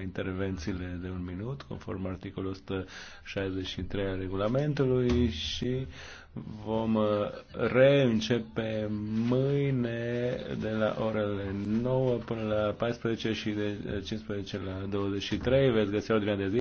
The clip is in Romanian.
intervențiile de un minut, conform articolul 163 al regulamentului și vom uh, reîncepe mâine de la orele 9 până la 14 și de 15 uh, la 23. Veți găsi ordinea de zi.